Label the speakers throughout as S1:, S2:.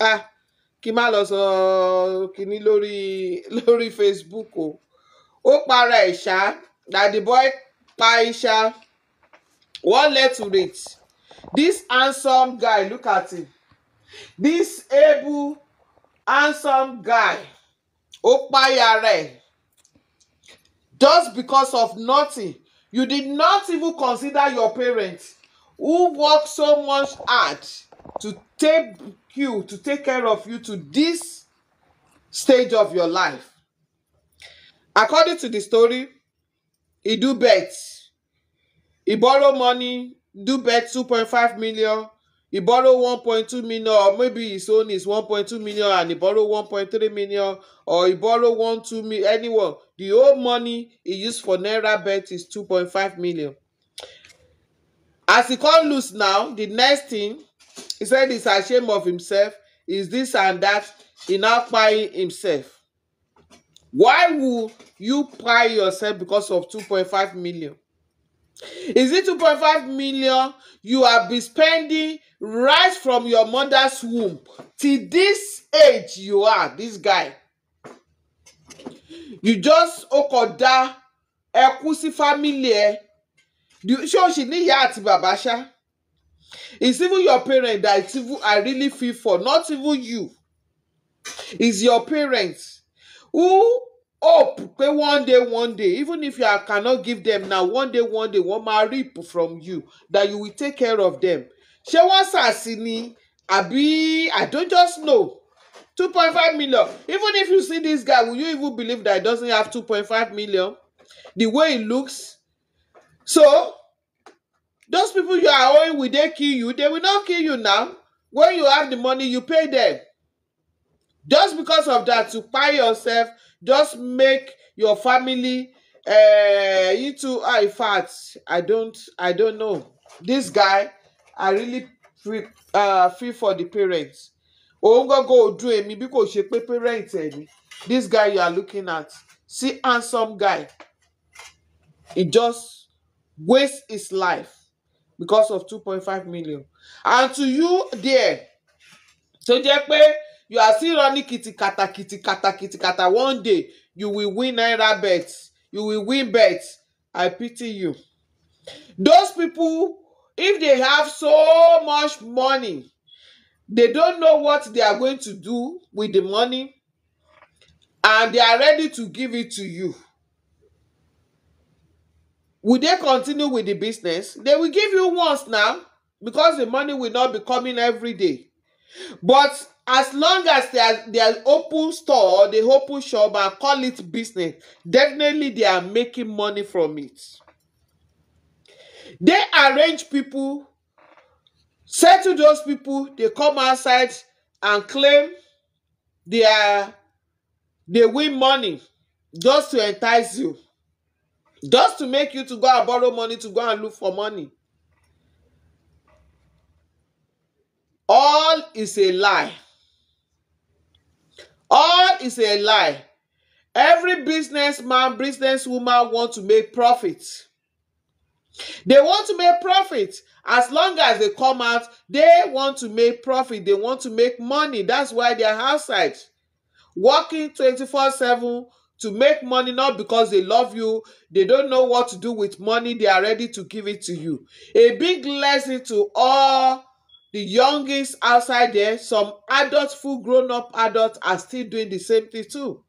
S1: ah kí má lọ sọ kínní lórí lórí Facebook o ó para ẹ̀ ṣá that the boy paisha one left to read this handsome guy look at him this able handsome guy ó páyà rẹ̀ just because of nothing you did not even consider your parents who work so much hard to take you, to take care of you to this stage of your life. According to the story, he do bet. He borrow money, do bet 2.5 million. He borrow 1.2 million, or maybe his own is 1.2 million and he borrow 1.3 million, or he borrow 1, 2 million, anyone. The whole money he used for Naira bet is 2.5 million. As he come lose now, the next thing He said he's ashamed of himself, is this and that, he now prying himself. Why would you pry yourself because of 2.5 million? Is it 2.5 million you have been spending right from your mother's womb to this age you are, this guy? You just ọkọ̀ ekusi family ẹ. Ṣé show she need ìyá àti Babasha? It's even your parents that it's even, I really feel for, not even you. It's your parents who hope pé one day one day even if you are, cannot give them now one day one day one máa reap from you that you will take care of them. Ṣé wọ́n ṣàṣì ni àbí I don't just know. 2.5 million. Even if you see this guy, will you even believe that he doesn't have 2.5 million? The way he looks. So Those people you are owing, will they kill you? They will not kill you now. When you have the money, you pay them. Just because of that, to buy yourself, just make your family uh, into uh, in fact, I don't I don't know. This guy, I really free, uh, free for the parents. Oh, gángan ò dún èmi bí kò ṣe pé parents ẹ̀ This guy you are looking at, see handsome guy, he just wastes his life because of two point five million and to you there tó jẹ́ pé you are still running kata kata kìtìkàtà kata. one day you will win naira bet you will win bet I pity you those people if they have so much money they don't know what they are going to do with the money and they are ready to give it to you will they continue with the business? They will give you once now because the money will not be coming every day. But as long as they are, they are open store, they open shop and call it business, definitely they are making money from it. They arrange people, say to those people, they come outside and claim they are they win money just to entice you just to make you to go and borrow money to go and look for money all is a lie all is a lie every businessman businesswoman want to make profit they want to make profit as long as they come out they want to make profit they want to make money that's why they are outside working 24 7 to make money not because they love you they don't know what to do with money they are ready to give it to you a big lesson to all the youngest outside there some adults full grown up adults are still doing the same thing too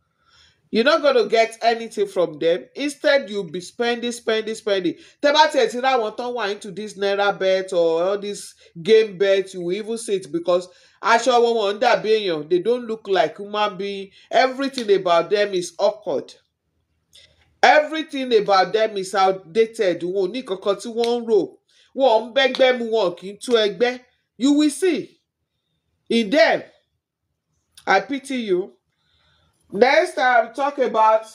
S1: you're not going to get anything from them instead you'll be spending spending spending tẹ́ bá tiẹ̀ ti ra one, tán wà into this naira bet or all this game bet you will even see it because aṣọ wọn wọn ń dàbí they don't look like human being everything about them is awkward everything about them is outdated One ò ní kankan tí wọ́n ń rò wọn ń bẹ́gbẹ́ mu wọn kì you will see in them i pity you next time talk about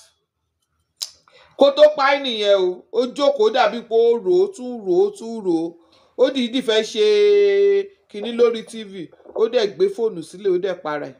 S1: kó tó pa ẹ́ nìyẹn o ó jókòó dàbí pé ó rò ó tún rò ó tún rò ó ó dìídì fẹ́ ṣe kinní lórí tv ó dẹ̀ gbé fóònù sílẹ̀ ó dẹ̀ para ẹ̀